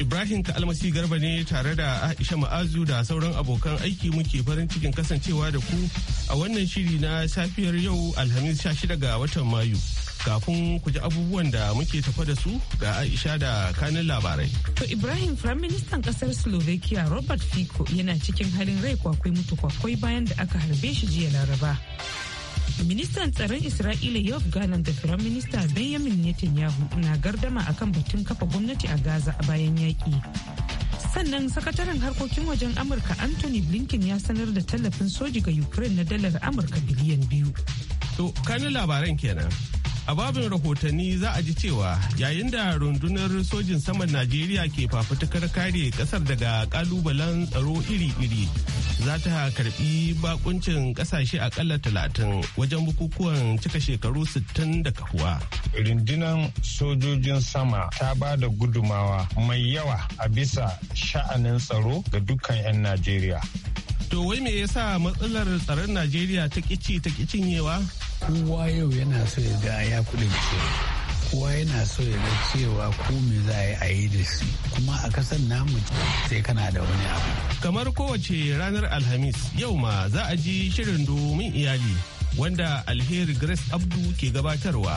Ibrahim Kalmasi Garba ne tare da Aisha Ma'azu da sauran abokan aiki muke farin cikin kasancewa da ku a wannan shiri na safiyar yau Alhamis 16 ga watan Mayu. Kafin ku ji abubuwan da muke tafa da su ga Aisha da kanin labarai. To Ibrahim Firayim Ministan kasar Slovakia Robert Fico yana cikin halin rai kwakwai mutu kwakwai bayan da aka harbe shi jiya Laraba. ministan tsaron isra'ila yof galan da firan minista benjamin netanyahu na gardama akan batun kafa gwamnati a gaza a bayan yaƙi sannan sakataren harkokin wajen amurka anthony blinken ya sanar da tallafin soji ga ukraine na dalar amurka biliyan biyu to kanin labaran kenan A babin rahotanni za a ji cewa yayin da rundunar sojin saman Najeriya ke fafutukar kare kasar daga kalubalen tsaro iri-iri za ta karbi bakuncin kasashe akalla talatin wajen bukukuwan cika shekaru 60 da kahuwa. Rundunar sojojin sama ta ba da gudumawa mai yawa a bisa sha'anin tsaro ga dukkan 'yan Najeriya. To wai me yasa matsalar tsaron Najeriya ta kici ta kicinyewa? Kowa yau yana so ya ga ya kudin kowa yana so ya ga cewa ko me za a yi a yi da shi kuma a kasar namu sai kana da wani abu. Kamar kowace ranar Alhamis yau ma za a ji shirin domin iyali wanda alheri Grace Abdu ke gabatarwa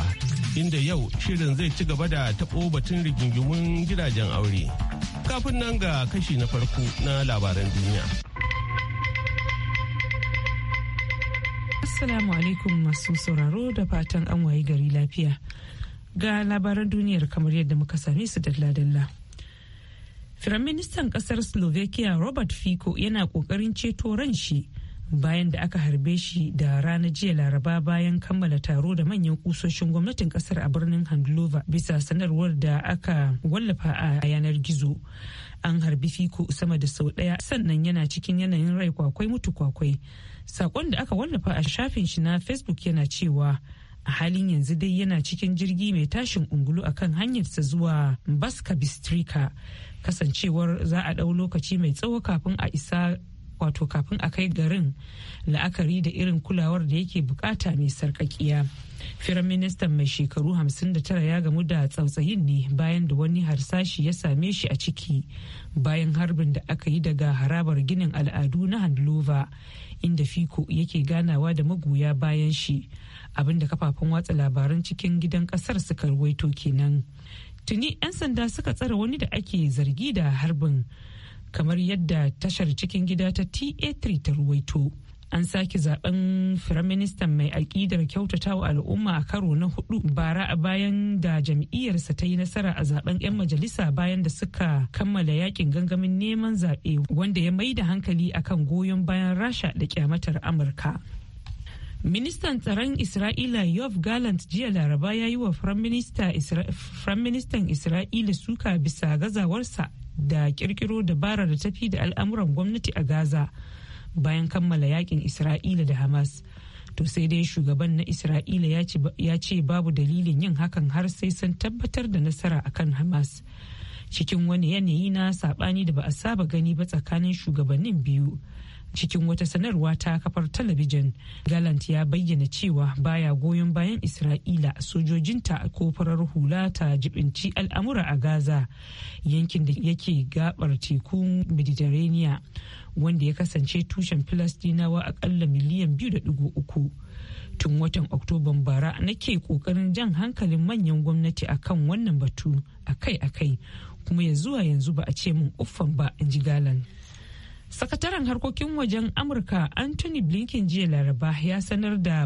inda yau shirin zai ci gaba da taɓo batun rigingimun gidajen aure. Kafin nan ga kashi na farko na labaran duniya. Assalamu alaikum masu sauraro da fatan an wayi gari lafiya. Ga labaran duniyar kamar yadda muka same su dalla-dalla. Firaministan kasar Slovakia Robert Fico yana kokarin ceto ran shi bayan da aka harbe shi da ranar jiya laraba bayan kammala taro da manyan kusoshin gwamnatin kasar a birnin Handlova bisa sanarwar da aka wallafa a yanar gizo. an harbi fiko sama da sau ɗaya sannan yana cikin yanayin rai kwakwai mutu kwakwai sakon da aka wallafa a shafin shi na facebook yana cewa a halin yanzu dai yana cikin jirgi mai tashin ungulu akan hanyarsa zuwa baska bistrika kasancewar za a ɗau lokaci mai tsawo kafin a isa wato kafin a kai garin la'akari da irin kulawar da yake bukata mai sarkakiya firaministan mai shekaru 59 ya gamu da tsautsayin ne bayan da wani harsashi ya same shi a ciki bayan harbin da aka yi daga harabar ginin al'adu na handlova inda fiko yake ganawa da magoya bayan shi abinda kafafen watsa labaran cikin gidan kasar suka ruwaito kenan tuni 'yan sanda suka tsare wani da ake zargi da harbin kamar yadda tashar cikin gida ta ta3 ta ruwaito an sake zaben firaministan mai aƙidar kyautatawa al'umma a karo na hudu bara a bayan da jam'iyyarsa ta yi nasara a zaben 'yan majalisa bayan da suka kammala yakin gangamin neman zaɓe wanda ya mai da hankali akan goyon bayan rasha da kyamatar amurka Ministan tsaron Isra'ila Yov Gallant jiya Laraba ya yi wa Firaministan Isra'ila suka bisa gazawarsa da kirkiro dabarar da tafi da al'amuran gwamnati a gaza bayan kammala yakin isra'ila da hamas to sai dai shugaban na isra'ila ya ce babu dalilin yin hakan har sai sun tabbatar da nasara a kan hamas cikin wani yanayi na saɓani da ba a saba gani ba tsakanin shugabannin biyu cikin wata sanarwa ta kafar talabijin galant ya bayyana cewa baya goyon bayan isra'ila sojojinta ko farar hula ta jibinci al'amura a gaza yankin da yake gabar tekun mediterranean wanda ya kasance tushen filastinawa akalla miliyan 2.3 tun watan oktoban bara nake kokarin jan hankalin manyan gwamnati akan wannan batu akai-akai kuma ya zuwa yanzu ba a ce min uffan ba in ji galan Sakataren harkokin wajen Amurka Anthony Blinken jiya Laraba ya sanar da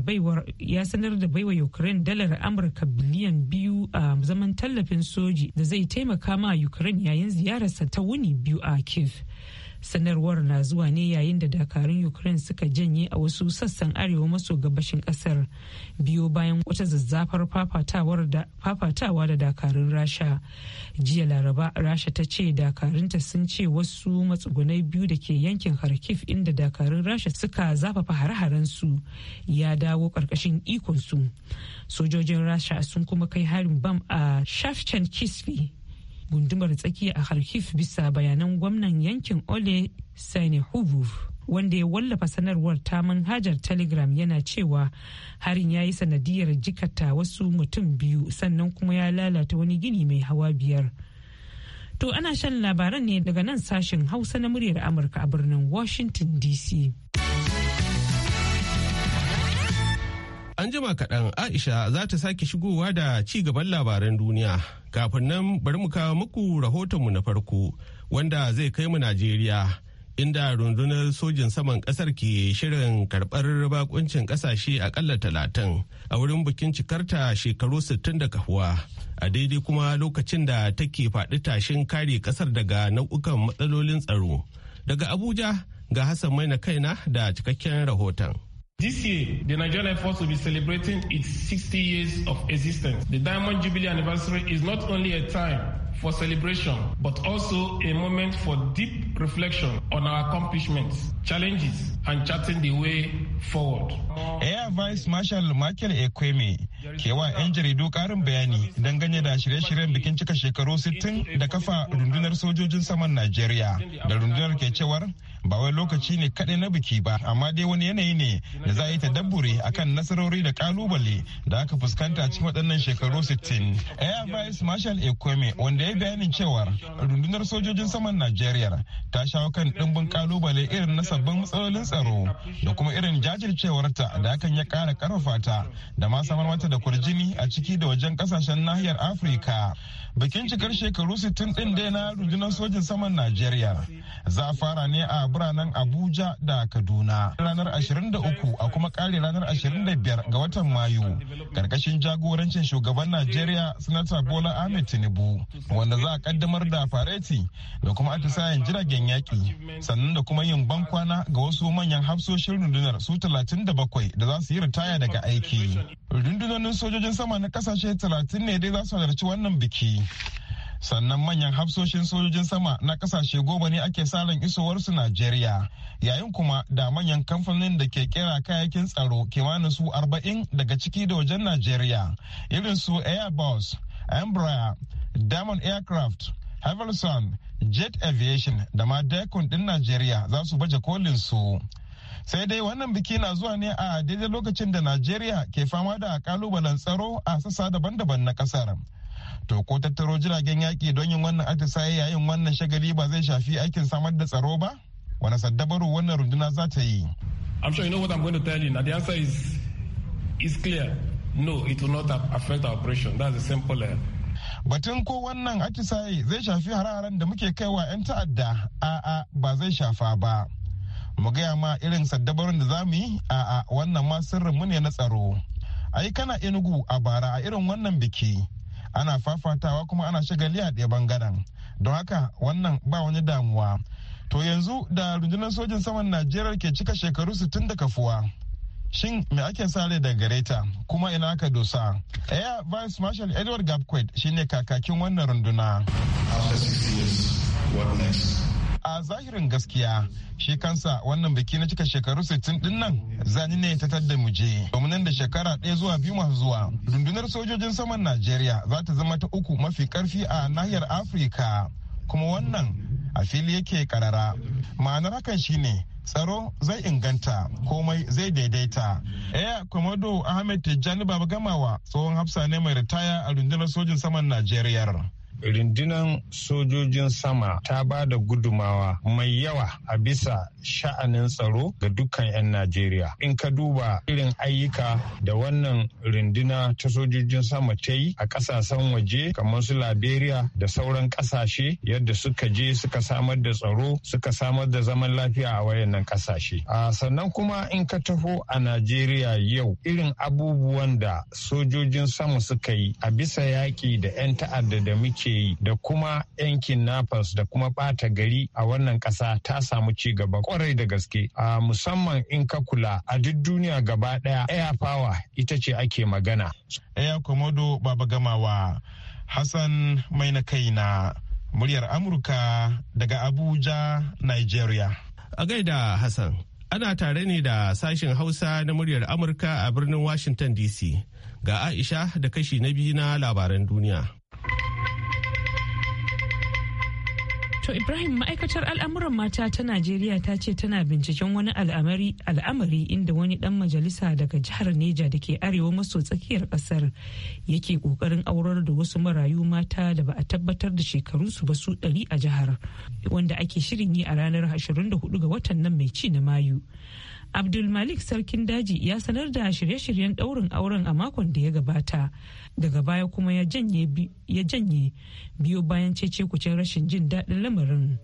baiwa Ukraine dalar Amurka biliyan biyu a zaman tallafin soji da zai taimaka ma Ukraine yayin ziyararsa ta wuni biyu a Kiev. sanarwar na zuwa ne yayin da dakarun ukraine suka janye a wasu sassan arewa maso gabashin kasar biyo bayan wata zazzafar fafatawa da dakarun rasha jiya laraba rasha ta ce dakarunta sun ce wasu matsugunai biyu da ke yankin kharkiv inda dakarun rasha suka zafafa hare su ya dawo karkashin ikonsu sojojin rasha sun kuma kai harin bam a shafchan kisfi gundumar tsaki a kharkiv bisa bayanan gwamnan yankin ole hubuf wanda ya wallafa sanarwar ta manhajar telegram yana cewa harin ya yi sanadiyar jikata wasu mutum biyu sannan kuma ya lalata wani gini mai hawa biyar to ana shan labaran ne daga nan sashen hausa na muryar amurka a birnin washington dc An jima kaɗan Aisha za ta sake shigowa da ci gaban labaran duniya. Kafin nan bari mu kawo muku mu na farko wanda zai kai mu Najeriya. Inda rundunar sojin saman ƙasar ke shirin karɓar bakuncin ƙasashe aƙalla talatin a wurin bikin cikarta shekaru sittin da kahuwa. A daidai kuma lokacin da take faɗi tashin kare ƙasar daga nau'ukan matsalolin tsaro. Daga Abuja ga Hassan mai na kaina da cikakken rahoton. This year, the Nigerian Air Force will be celebrating its 60 years of existence. The Diamond Jubilee anniversary is not only a time for celebration, but also a moment for deep reflection on our accomplishments, challenges, and charting the way forward. Air Vice Marshal Michael Ekweme ke wa 'yan jaridu karin bayani dangane da shirye-shiryen bikin cika shekaru 60 da kafa rundunar sojojin saman Najeriya da rundunar ke cewar ba wai lokaci ne kaɗai na biki ba amma dai wani yanayi ne da za a yi ta akan nasarori da kalubale da aka fuskanta cikin waɗannan shekaru 60 air vice marshal ekwemi wanda ya bayanin cewa rundunar sojojin saman najeriya ta shawo kan ɗimbin kalubale irin na sabbin matsalolin tsaro da kuma irin jajircewarta da hakan ya kara karfafa ta da ma samar mata da kurjini a ciki da wajen ƙasashen nahiyar afirka bikin cikar shekaru 60 ɗin dai na rundunar sojin saman najeriya za fara ne a biranen abuja da kaduna ranar 23 a kuma kare ranar 25 ga watan mayu karkashin jagorancin shugaban najeriya sanata bola ahmed tinubu wanda za a kaddamar da fareti da kuma atisayen jiragen yaƙi sannan da kuma yin bankwana ga wasu manyan hafsoshin rundunar su 37 da za su yi ritaya daga aiki rundunonin sojojin sama na kasashe 30 ne dai za su halarci wannan biki sannan manyan hafsoshin sojojin sama na kasashe goma ne ake salon isowarsu Najeriya yayin kuma da manyan kamfanin da ke kera kayayyakin tsaro kimanin su arba'in daga ciki da wajen Najeriya irin su Airbus, Embraer, Diamond Aircraft, Havelson, Jet Aviation da ma Daikon din Najeriya za su baje kolin su. sai dai wannan biki na zuwa ne a daidai lokacin da Najeriya ke fama da kalubalen tsaro a sassa daban-daban na kasar. to ko tattaro jiragen yaƙi don yin wannan atisaye yayin wannan shagali ba zai shafi aikin samar da tsaro ba wani saddabaru wannan runduna za ta yi I'm sure you know what I'm going to tell you now. The answer is, is clear. No, it will not affect our operation. That's a simple uh, batun ko wannan atisaye zai shafi hararen da muke kaiwa 'yan ta'adda a'a ba zai shafa ba mu gaya ma irin saddabarin da za mu yi a'a wannan ma sirrinmu ne na tsaro ai kana enugu a bara a irin wannan biki ana fafatawa kuma ana shagali a ɗaya bangaren don haka wannan ba wani damuwa to yanzu da rundunar sojin saman najeriya ke cika shekaru 60 da kafuwa shin me ake sa rai da gare ta kuma ina aka dosa air vice marshal edward gabquet shine kakakin wannan runduna After 60 years, what next? a zahirin gaskiya shi kansa wannan biki na cika shekaru 60 din nan zani ne ta tadda muje dominan domin da shekara ɗaya zuwa biyu masu zuwa rundunar sojojin saman najeriya za ta zama ta uku mafi karfi a nahiyar afirka kuma wannan a fili yake karara ma'anar hakan shine tsaro zai inganta komai zai daidaita Eya komodo ahmed tijjani baba gamawa tsohon hafsa ne mai ritaya a rundunar sojin saman najeriya rundunar sojojin sama ta ba da gudumawa mai yawa a bisa sha'anin tsaro ga dukkan 'yan Najeriya. In ka duba irin ayyuka da wannan runduna ta sojojin sama ta yi a ƙasashen waje kamar su Liberia da sauran ƙasashe yadda suka je suka samar da tsaro suka samar da zaman lafiya a wayannan ƙasashe. Sannan kuma in ka taho a Najeriya yau irin abubuwan da sojojin sama suka yi a bisa yaƙi da 'yan ta'adda da muke da kuma yankin Nafas da kuma ɓata gari a wannan ƙasa ta samu ci gaba kwarai da gaske a musamman in ka kula a duk duniya gaba ɗaya air power ita ce ake magana. Air Komodo Baba Gamawa Hassan mai na kai na muryar Amurka daga Abuja, Nigeria. A gaida Hassan, ana tare ne da sashen Hausa na muryar Amurka a birnin Washington DC. Ga Aisha da kashi na biyu na labaran duniya. To Ibrahim ma'aikatar al'amuran mata ta Najeriya ta ce tana binciken wani al'amari inda wani dan majalisa daga jihar Neja da ke arewa maso tsakiyar kasar yake kokarin aurar da wasu marayu mata da ba a tabbatar da shekarunsu ba su ɗari a jihar wanda ake shirin yi a ranar 24 ga watan nan mai ci na Mayu. Abdulmalik sarkin daji ya sanar da shirye-shiryen ɗaurin auren a makon da ya gabata. Daga baya kuma ya janye biyo bayan cece kucin rashin jin daɗin lamarin.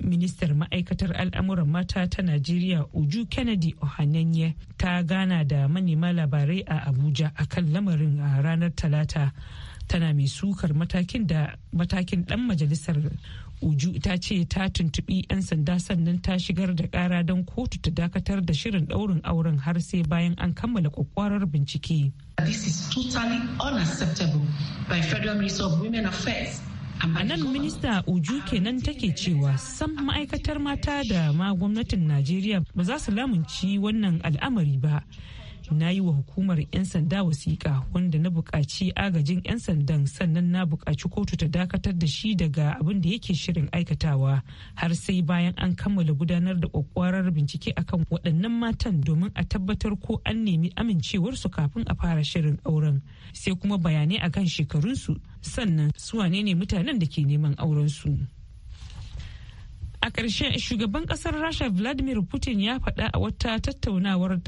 Ministar ma'aikatar al'amuran mata ta Najeriya Uju Kennedy Ohanenye ta gana da manema labarai a Abuja a kan lamarin a ranar Talata. Tana mai sukar matakin dan matakin ɗan majalisar uju ta ce ta tuntubi 'yan sanda sannan ta shigar da kara don kotu ta dakatar da shirin daurin auren har sai bayan an kammala kwakwarar bincike A nan minista Uju kenan take cewa san ma'aikatar mata da ma gwamnatin Najeriya ba za su lamunci wannan al'amari ba. na yi wa hukumar 'yan sanda wasiƙa wanda na buƙaci agajin 'yan sandan sannan na buƙaci kotu ta dakatar da shi daga abin da yake shirin aikatawa har sai bayan an kammala gudanar da kwakwarar bincike akan waɗannan matan domin a tabbatar ko an nemi amincewarsu kafin a fara shirin auren sai kuma bayanai akan shekarunsu sannan su wane ne mutanen da ke neman aurensu. A ƙarshe shugaban ƙasar Rasha Vladimir Putin ya faɗa a wata tattaunawa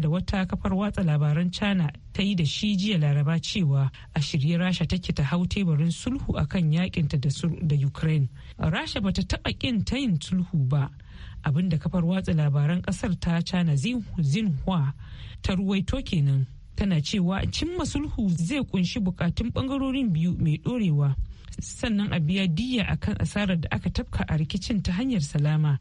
da wata kafar watsa labaran China ta yi da shi jiya laraba cewa a shirye Rasha take ta hau teburin sulhu a kan yakinta da Ukraine. Rasha bata taɓa ƙin yin sulhu ba. abinda kafar watsa labaran ƙasar ta cana zinhua ta ruwaito kenan tana cewa cimma sulhu zai kunshi bukatun ɓangarorin biyu mai ɗorewa. sannan a biya diya kan asarar da aka tafka a rikicin ta hanyar salama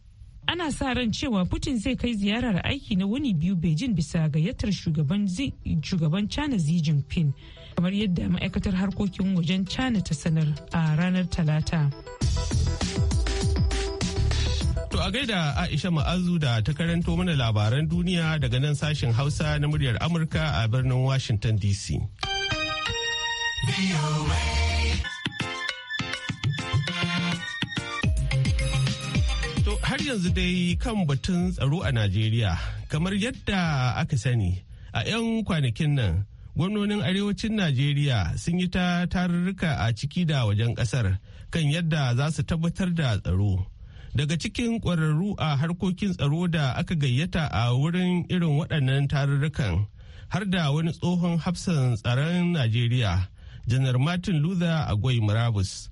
ana sa ran cewa putin zai kai ziyarar aiki na wani biyu beijing bisa gayyatar shugaban china xi jinping kamar yadda ma'aikatar harkokin wajen china ta sanar a ranar talata to a gaida aisha ma'azu da ta karanto mana labaran duniya daga nan sashen hausa na muryar amurka a birnin washington dc har yanzu dai kan batun tsaro a Najeriya, kamar yadda aka sani, a 'yan kwanakin nan gwamnonin arewacin Najeriya sun yi ta tarurruka a ciki da wajen ƙasar kan yadda za su tabbatar da tsaro. Daga cikin ƙwararru a harkokin tsaro da aka gayyata a wurin irin waɗannan tarurrukan har da wani tsohon hafsan tsaron Najeriya, Janar Martin Luther Agwai Murabus.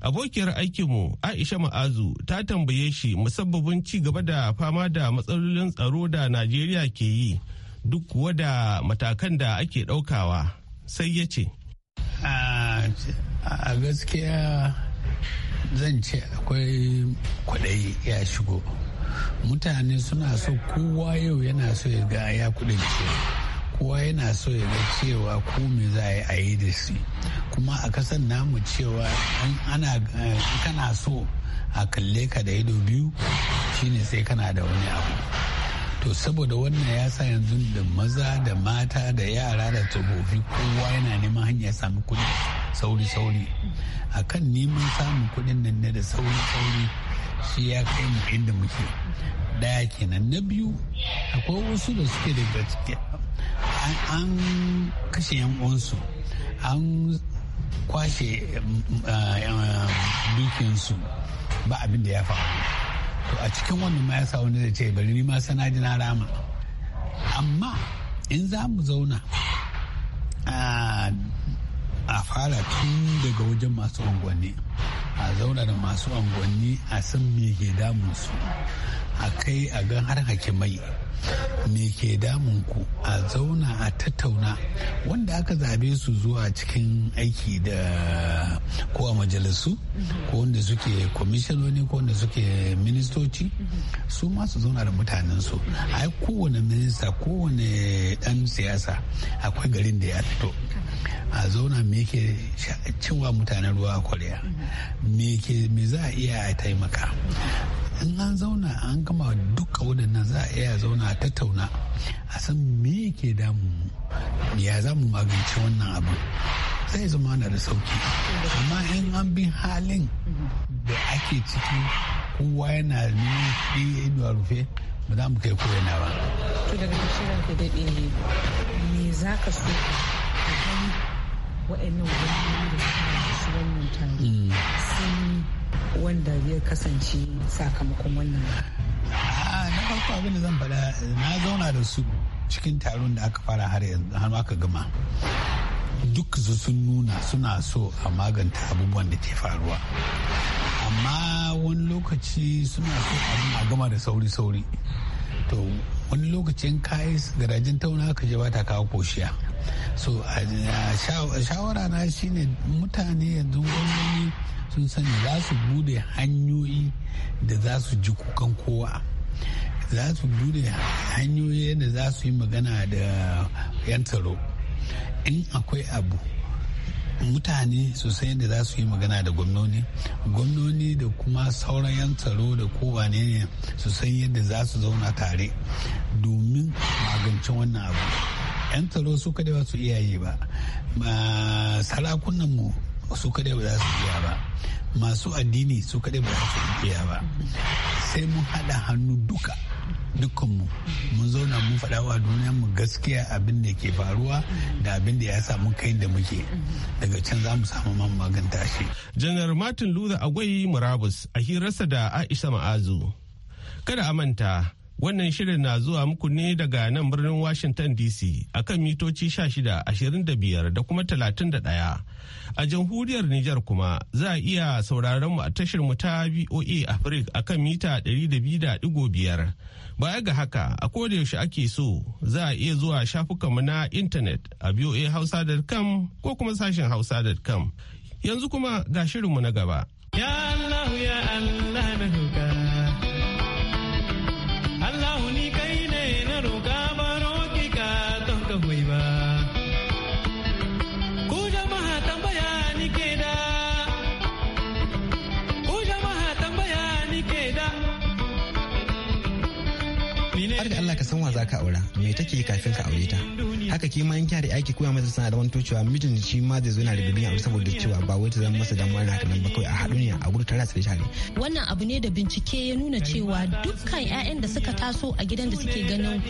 abokiyar aikinmu aisha ma'azu ta tambaye shi musabbabin ci gaba da fama da matsalolin tsaro da najeriya ke yi duk kuwa da matakan da ake ɗaukawa sai ya ce a gaskiya zan ce akwai kudai ya shigo mutane suna so kowa yau yana so ya ga ya kuɗin kowa yana so ya ga cewa ko me za a yi da shi kuma a kasan namu cewa ana eh, kana so a kalle ka da ido biyu shine sai kana da wani abu to saboda wannan ya sa yanzu da maza da mata da yara da tsofaffi kowa yana neman hanyar samu kuɗi sauri-sauri a kan neman samun kuɗin nan da sauri-sauri shi ya kai mu inda muke daya kenan na biyu akwai wasu da suke daga an kashe yan uwansu an kwashe mm, mm, ah, ah, dukiyansu ba abin da ya faru to a cikin wannan ma ya sa wani zai ce bari ni ma sana ji na rama amma in za mu zauna a fara tun daga wajen masu unguwanni a zauna da masu unguwanni a san me ke damun su. a kai a gan har hakimai me ke damun ku a zauna a tattauna wanda aka zabe su zuwa cikin aiki da ko a majalisu ko wanda suke kwamishinoni ko wanda suke ministoci su masu zauna da mutanensu ai kowane minista kowane dan siyasa akwai garin da ya fito a zauna me ke cewa mutanen ruwa a koriya me za a iya a taimaka in an zauna an gama duka waɗannan za a iya zauna a tattauna a san me ke damu ya za mu magance wannan abu zai zama na da sauki amma in an bi halin da ake ciki kowa yana neman ido a rufe ba za mu kai koyana ba. To daga shirin ka daɗe me za ka so ka gani waɗannan wani da su wannan tare mm. sun wanda ya kasance sakamakon wannan ah, na farko abin da zan faɗa na zauna da su cikin taron da aka fara har yanzu har aka gama duk su sun nuna suna so a maganta abubuwan da ke faruwa amma wani lokaci suna so abin a gama da sauri-sauri to wani lokacin kayi garajin tauna ka je ta kawo koshiya so shawara na shine mutane yanzu gwamnati sun sani za su bude hanyoyi da za su ji kukan kowa za su bude hanyoyi da za su yi magana da 'yan taro in akwai abu mutane sosai da za su yi magana da gwamnoni gwamnoni da kuma sauran 'yan taro da kowane ne sosai yadda za su zauna tare domin magance wannan abu 'yan tsaro su kada ba su iyaye ba sarakunanmu su kadai ba za su biya ba masu addini su kadai ba za su biya ba sai mun haɗa hannu duka dukkanmu mun zauna mun faɗa wa duniya mu gaskiya abin da ke faruwa da abin da ya samu kai da muke daga can za mu samu man maganta shi. janar martin luther agwai murabus a hirarsa da aisha ma'azu kada a manta Wannan shirin na zuwa muku ne daga nan birnin Washington DC akan mitoci 16, 25 da kuma 31. A jamhuriyar Nijar kuma za a iya sauraron mu a tashar mu ta VOA Africa akan mita 200.5. Baya ga haka, a yaushe ake so za a iya zuwa shafukanmu na intanet a voahausa.com ko kuma sashen hausa.com. Yanzu kuma ga shirinmu na gaba. Ya Allah ya Allah za ka aura me take kafin ka aure ta haka ke ma yanki da aiki koya masa sana da wanto cewa mijin shi ma zai zo na da dubiya aure saboda cewa ba wai ta zama masa damuwa na kanan ba kai a haɗu ne a gudu tare shi wannan abu ne da bincike ya nuna cewa dukkan ƴaƴan da suka taso a gidan da suke ganin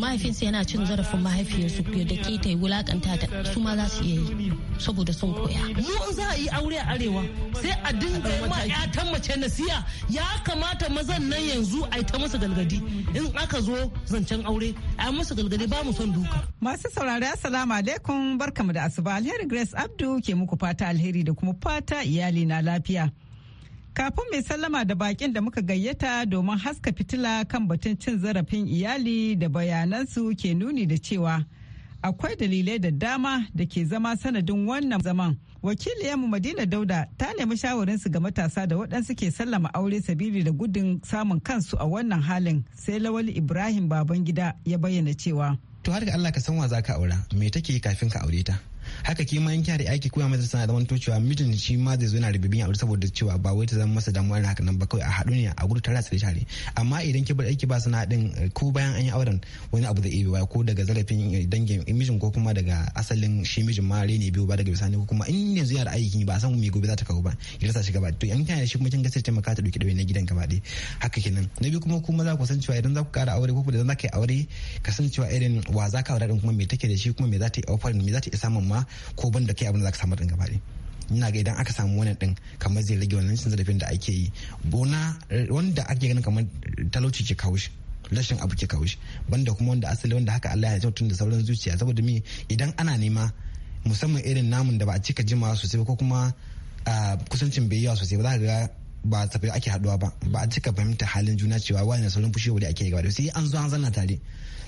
mahaifinsa yana cin zarafin mahaifiyarsu da ke ta yi wulakanta ta su ma za su iya yi saboda sun koya mu za a yi aure a arewa sai a dinga ma ƴatan mace nasiya ya kamata mazan nan yanzu a yi ta masa galgadi in aka zo zancen aure a musu galgade ba mu son duka. Masu saurari assalamu alaikum barkamu da asuba alheri Grace Abdu ke muku fata alheri da kuma fata iyali na lafiya. Kafin mai sallama da bakin da muka gayyata domin haska fitila kan batun cin zarafin iyali da bayanansu ke nuni da cewa akwai dalilai da dama da ke zama sanadin wannan zaman mu madina dauda ta nemi shawarinsu ga matasa da waɗansu ke sallama aure sabili da gudun samun kansu a wannan halin sai lawali ibrahim baban gida ya bayyana cewa to har ga allah ka san wa za ka aura me take kafin ka aure ta haka ke ma yanki kina da aiki koya masa sana da wani tocewa mijin shi ma zai zo yana ribibin aure saboda cewa ba wai ta zama masa damuwa haka nan ba kawai a haɗu ne a gudu tare tsare tare amma idan ki bar aiki ba sana din ko bayan an yi auren wani abu da iya ba ko daga zarafin dangin mijin ko kuma daga asalin shi mijin ma rene biyu ba daga bisani ko kuma in yanzu yana da aiki ba san me gobe za ta kawo ba ki sa shi gaba to yanki kina shi kuma kin ga sai taimaka ta dauki na gidan gaba ɗaya haka kenan na biyu kuma kuma za ku san cewa idan za ku kara aure ko idan za ka yi aure ka san cewa irin wa za ka aure din kuma me take da shi kuma me za ta yi offering me za ta iya samun ma ko ban da kai abin da zaka samu din gaba ina ga idan aka samu wannan din kamar zai rage wannan cin zarafin da ake yi bona wanda ake ganin kamar talauci ke kawo shi rashin abu ke kawo shi banda kuma wanda asali wanda haka Allah ya tun da sauran zuciya saboda me idan ana nema musamman irin namun da ba a cika jimawa sosai ko kuma kusancin bai yawa sosai ba za ka ga ba tafiya ake haduwa ba ba a cika fahimta halin juna cewa wani sauran fushi wuri ake gaba da sai an zo an zanna tare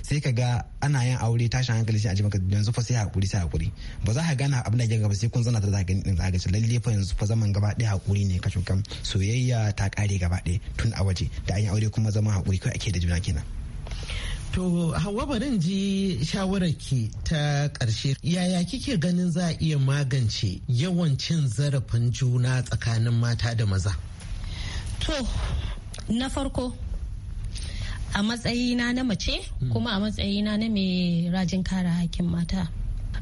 sai ka ga ana yin aure tashin hankali sai a ji maka yanzu fa sai hakuri sai hakuri ba za ka gana abin da ya gaba sai kun zana ta zagin din zaga ce lalle fa yanzu fa zaman gaba ɗaya hakuri ne ka shukan soyayya ta kare gaba ɗaya tun a waje da an yi aure kuma zaman hakuri kai ake da juna kenan To hawa barin ji shawarar ki ta karshe. yaya kike ganin za a iya magance yawan cin zarafin juna tsakanin mata da maza? To, na farko a matsayina na mace kuma a matsayina na mai rajin kare hakkin mata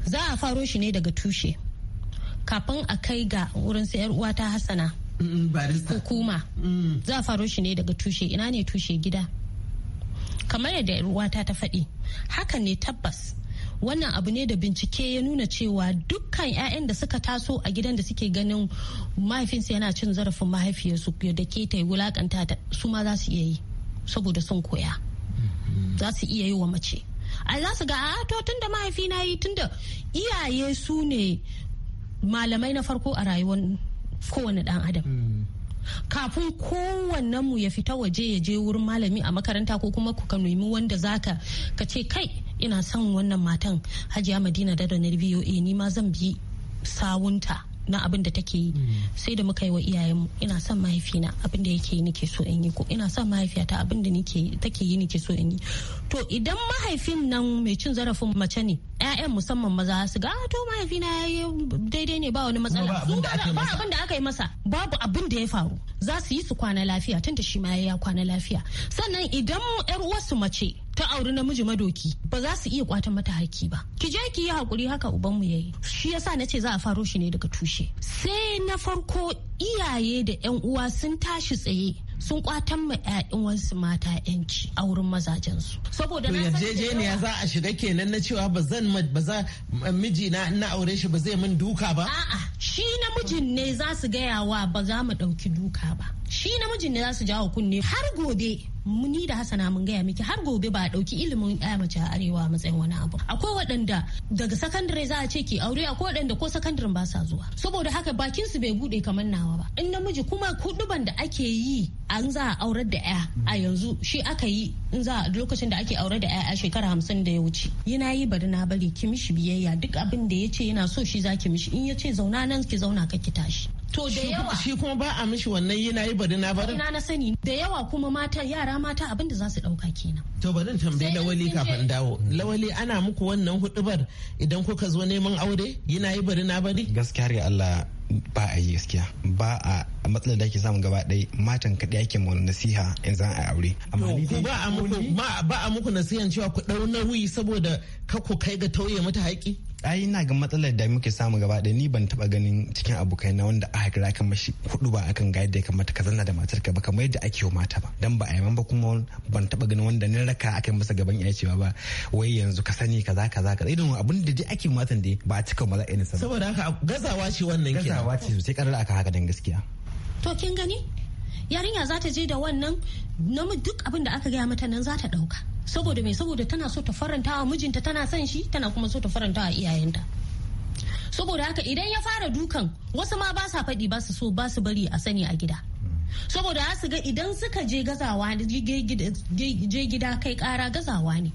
za a faro shi ne daga tushe kafin a kai ga wurin sayar uwa ta hasana hukuma mm. za a faro shi ne daga tushe ina ne tushe gida kamar yadda uwata ta faɗi hakan ne tabbas wannan abu ne da bincike ya nuna cewa dukkan 'ya'yan da suka taso a gidan da suke ganin mahaifinsu yana cin zarafin mahaifiyarsu da ke ta yi wulakanta su ma za su iya yi saboda sun koya za su iya yi wa mace a za su ga a ah, to tun da mahaifi na yi tun da iyaye su ne malamai na farko a rayuwar kowane dan adam kafin kowannen mu ya fita waje ya je wurin malami a makaranta ko kuma ku ka nemi wanda zaka ka ce kai ina son wannan matan hajiya madina da da voa ni ma zan bi sawunta na abin da take yi hmm. sai da muka yi wa iyayen ina son mahaifina abin da yake yi nake so in yi ko ina son mahaifiyata abin da take yi nake so in yi to idan mahaifin nan mai cin zarafin mace ne 'ya'yan musamman maza su ga ah, to mahaifina ya yi daidai ne ba wani matsala ba abin da aka yi masa babu abin da ya faru za su yi su kwana lafiya tunda shi ma ya kwana lafiya sannan idan 'yar uwarsu mace ta auri namiji madoki ba za su iya kwatan mata haki ba ki je ki yi hakuri haka ubanmu yayi shi yasa na ce za a faro shi ne daga tushe sai na farko iyaye da yan uwa sun tashi tsaye sun kwatan ma ƴaƴan wasu mata yanci a wurin mazajen saboda na yarjejeniya za a shiga kenan na cewa ba zan ba za miji na na aure shi ba zai min duka ba a'a shi namijin ne za su gaya wa ba za mu dauki duka ba shi namijin ne za su jawo kunne har gobe ni da hasana mun gaya miki har gobe ba a ɗauki ilimin ɗaya mace a arewa matsayin wani abu akwai waɗanda daga sakandare za a ce ki aure akwai waɗanda ko sakandaren ba sa zuwa saboda haka bakin su bai buɗe kamar nawa ba in namiji kuma kuɗuban da ake yi an za a aurar da ɗaya a yanzu shi aka yi in za lokacin da ake aure da a shekara hamsin da ya wuce yana yi bari na bari ki mishi biyayya duk abin da ya ce yana so shi za ki mishi in ya ce zauna nan ki zauna ka ki tashi To da yawa. Shi kuma ba a mishi wannan yana yi bari na bari. Ina na sani da yawa kuma mata yara mata abin da za su ɗauka kenan. To bari in tambayi lawali kafin dawo. Lawali ana muku wannan hudubar idan kuka zo neman aure yana yi bari na bari. Gaskiya ya Allah ba a yi gaskiya ba a matsalar da ake samun gaba ɗaya matan kaɗai ake mu nasiha in za a aure amma ni ba a muku ba a muku nasihan cewa ku ɗau nauyi saboda ka ku kai ga tauye mata haƙi ai ina ga matsalar da muke samu gaba da ni ban taba ganin cikin abokai na wanda aka kira kan mashi kudu ba akan ga yadda ya kamata ka zanna da matar ka ba kamar yadda ake yi mata ba dan ba a yi ba kuma ban taba ganin wanda ni raka akan masa gaban iya cewa ba wai yanzu ka sani kaza kaza kaza idan abin da dai ake matan da ba a cika mala ne. sa saboda haka gazawa ce wannan kenan gazawa ce sosai karar aka haka dan gaskiya to kin gani yarinya za ta je da wannan namu duk abin da aka gaya mata nan za ta dauka saboda me saboda tana so ta faranta wa mijinta tana son shi tana kuma so ta faranta wa iyayenta saboda haka idan ya fara dukan wasu ma ba sa faɗi ba su so ba su bari a sani a gida saboda su ga idan suka je gazawa je gida kai kara gazawa ne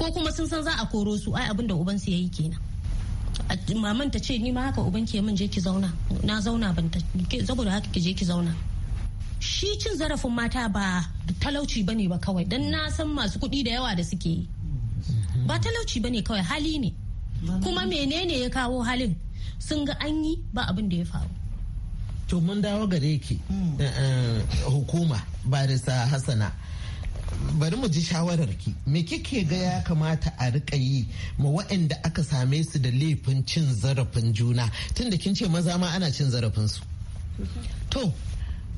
ko kuma sun san za a koro su ai abin da ubansu ya yi kenan maman ta ce ni ma haka uban ke min je ki zauna na zauna ban ta saboda haka ki je ki zauna shi cin zarafin mata ba talauci ba ne ba kawai don na san masu kuɗi da yawa da suke yi ba talauci ba ne kawai hali ne kuma menene ya kawo halin sun ga an yi ba abin da ya faru to mun dawo gare ki hmm. eh, eh, hukuma barista hassana bari mu ji shawarar ki me kike ga ya kamata a rika yi ma waɗanda aka same su da laifin cin zarafin juna tunda kin ce maza ma ana cin zarafin su to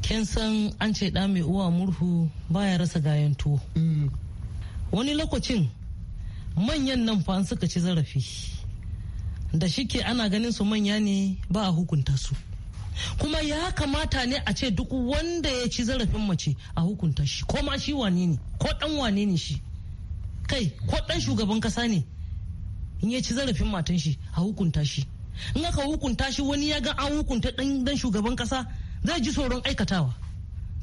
kin san an ce ɗa mai uwa murhu baya rasa gayan tuwo wani lokacin manyan nan fa suka ci zarafi da ke ana ganin su manya ne ba a hukunta su kuma ya kamata ne a ce duk wanda ya ci zarafin mace a hukunta shi ko ma shi wane ne ko dan wane ne shi kai ko dan shugaban kasa ne in ya ci zarafin matan shi a hukunta shi in aka hukunta shi wani ya ga an hukunta dan shugaban kasa zai ji tsoron aikatawa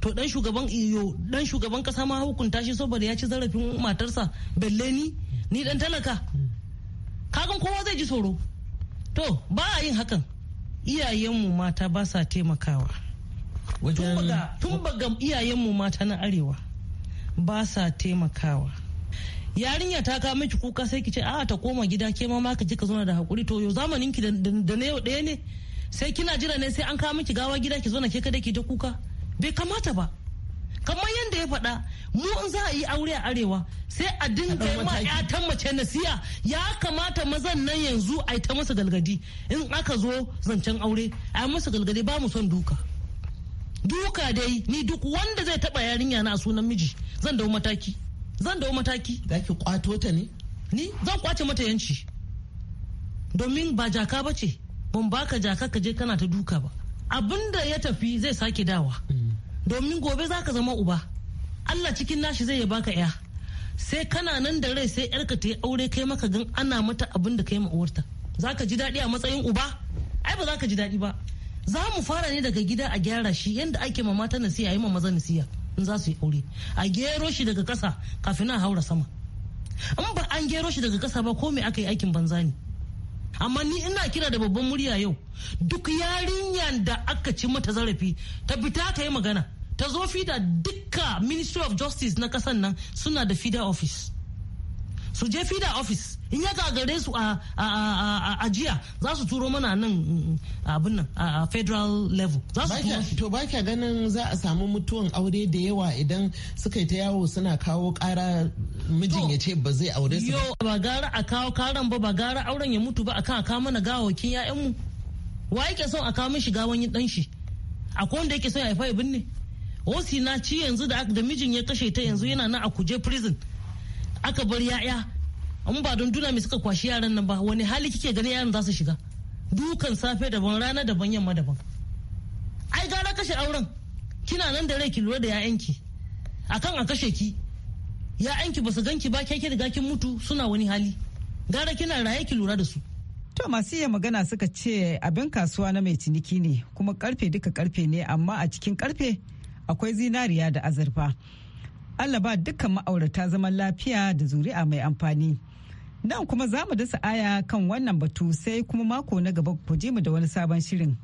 to dan shugaban iyo dan shugaban kasa ma hukunta shi saboda ya ci zarafin matarsa belle ni ni dan talaka kagan kowa zai ji tsoro to ba a yin hakan iyayenmu mata ba sa taimakawa tun baga iyayenmu mata na arewa ba sa taimakawa yarinya ta kawo miki kuka sai ki ce a ta koma gida ke ma ka ji ka zauna da hakuri to yo zamanin ki da na yau ɗaya ne sai kina jira ne sai an kawo miki gawa gida ki zo na ke kada ki ta kuka bai kamata ba kamar yadda ya faɗa mu in za a yi aure a arewa sai a dinga ma yatan mace nasiya ya kamata mazan nan yanzu a yi ta masa galgadi in aka zo zancen aure a yi masa galgadi ba mu son duka duka dai ni duk wanda zai taba yarinya na sunan miji zan dawo mataki zan dawo mataki da ki kwato ta ne ni zan kwace mata yanci domin ba jaka bace. ban baka jaka ka je kana ta duka ba abin da ya tafi zai sake dawa domin gobe zaka zama uba allah cikin nashi zai ya baka ya sai kana nan da rai sai yarka ta yi aure kai maka gan ana mata abin da kai ma'uwarta za ji daɗi a matsayin uba ai ba za ji daɗi ba za mu fara ne daga gida a gyara shi yadda ake ma mata nasiya yi ma maza nasiya in za su yi aure a gero shi daga kasa kafin a haura sama in ba an gero shi daga kasa ba ko me aka yi aikin banza ne amma ni ina kira da babban murya yau duk yarinyar da aka ci mata zarafi ta fita ta yi magana ta zo fida dukka ministry of justice na kasan nan suna da fida office su je fida office in ya gagare su a ajiya za su turo mana nan mm, abin nan a federal level za su turo to ba kya ganin za a samu mutuwan aure da yawa idan suka yi ta yawo suna kawo kara mijin ya ce ba zai aure su ba. ba gara a kawo karan ba ba gara auren ya mutu ba akan a kawo mana gawakin ƴaƴan mu wa yake son a kawo mishi gawan yin dan shi akwai wanda yake son ya haifa ya binne osi na ci yanzu da da mijin ya kashe ta yanzu yana nan a kuje prison aka bar ya'ya amma ba don duna mai suka kwashi yaran nan ba wani hali kike gani yaran za su shiga dukan safe daban rana daban yamma daban ai gara kashe auren kina nan da rai ki lura da 'ya'yanki akan a kashe ki ya'yanki ba su ganki ba kyakki riga kin mutu suna wani hali gara kina raye ki lura da su To masu iya magana suka ce abin kasuwa na mai ciniki ne kuma karfe duka karfe ne amma a cikin karfe akwai zinariya da azurfa. Allah ba dukkan ma'aurata zaman lafiya da zuri'a mai amfani. Nan kuma za mu dasa aya kan wannan batu sai kuma mako na gaba ku ji mu da wani sabon shirin.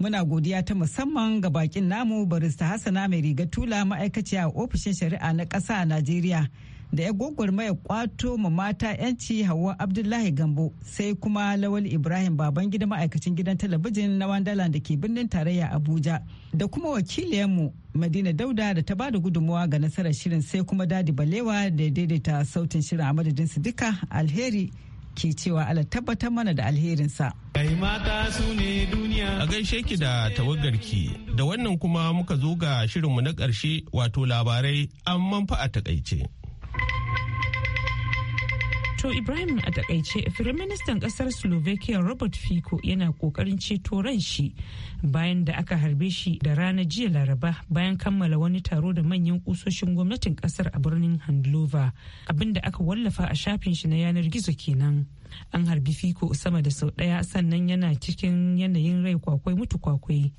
Muna godiya ta musamman ga bakin namu barista Hassana mai riga tula ma'aikaciya a ofishin shari'a na ƙasa a Najeriya da ya gwagwarmaya kwato ma mata 'yanci Hauwa Abdullahi Gambo sai kuma Lawal Ibrahim baban gida ma'aikacin gidan talabijin na Wandala da ke birnin tarayya Abuja da kuma wakiliyanmu Madina Dauda da ta bada gudunmawa ga nasarar shirin sai kuma Dadi Balewa da ya daidaita sautin shirin a madadin su duka alheri. ke cewa Allah tabbatar mana da alherinsa. Kai mata su ne duniya. A gaishe ki da ki, da wannan kuma muka zo ga shirinmu na ƙarshe wato labarai amman fa a takaice. wato Ibrahim a takaice Firaministan kasar Slovakia Robert Fico yana kokarin ceto ran shi bayan da aka harbe shi da ranar jiya Laraba bayan kammala wani taro da manyan kusoshin gwamnatin kasar a birnin Handlova abinda aka wallafa a shafin shi na yanar gizo kenan. An harbi Fico sama da sau ɗaya sannan yana cikin yanayin rai kwakwai mutu kwakwai.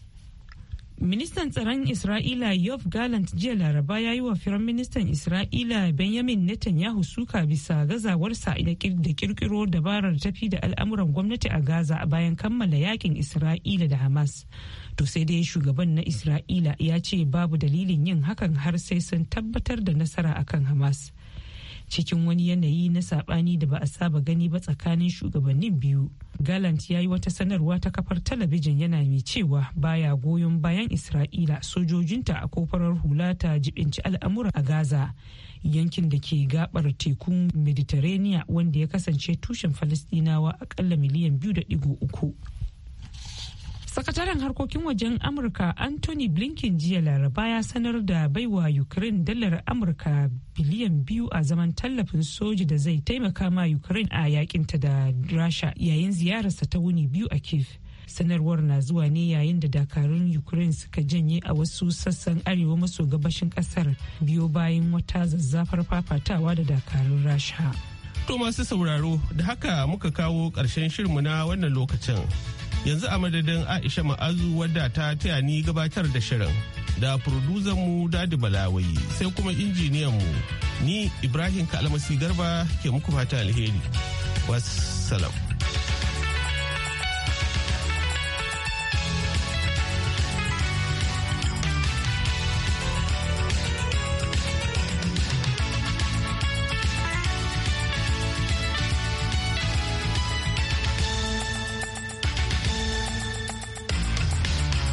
Ministan tsaron Isra'ila Yov Galant jiya Laraba ya yi wa firan ministan Isra'ila Benjamin Netanyahu suka bisa gazawarsa da kirkiro dabarar tafi da al'amuran gwamnati a Gaza bayan kammala yakin Isra'ila da Hamas. To sai dai shugaban na Isra'ila ya ce babu dalilin yin hakan har sai sun tabbatar da nasara akan Hamas. cikin wani yanayi na sabani da ba a saba gani ba tsakanin shugabannin biyu Gallant ya yi wata sanarwa ta kafar talabijin yana mai cewa baya goyon bayan isra'ila sojojinta a kofarar hula ta jibinci al'amura a gaza yankin da ke gabar tekun mediterranean wanda ya kasance tushen falastinawa akalla miliyan 2.3. sakataren harkokin wajen amurka anthony blinken jiya laraba ya sanar da baiwa ukraine dalar amurka biliyan biyu a zaman tallafin soji da zai taimaka ma ukraine a yakinta da rasha yayin ziyararsa ta wuni biyu a kiev sanarwar na zuwa ne yayin da dakarun ukraine suka janye a wasu sassan arewa maso gabashin kasar biyo bayan wata zazzafar fafatawa da dakarun rasha to masu sauraro da haka muka kawo ƙarshen shirmu na wannan lokacin yanzu a madadin aisha ma'azu wadda ta taya ni gabatar da shirin da produzan mu dadi balawai sai kuma injiniyan mu ni ibrahim kalmasi garba ke muku fata alheri wassalam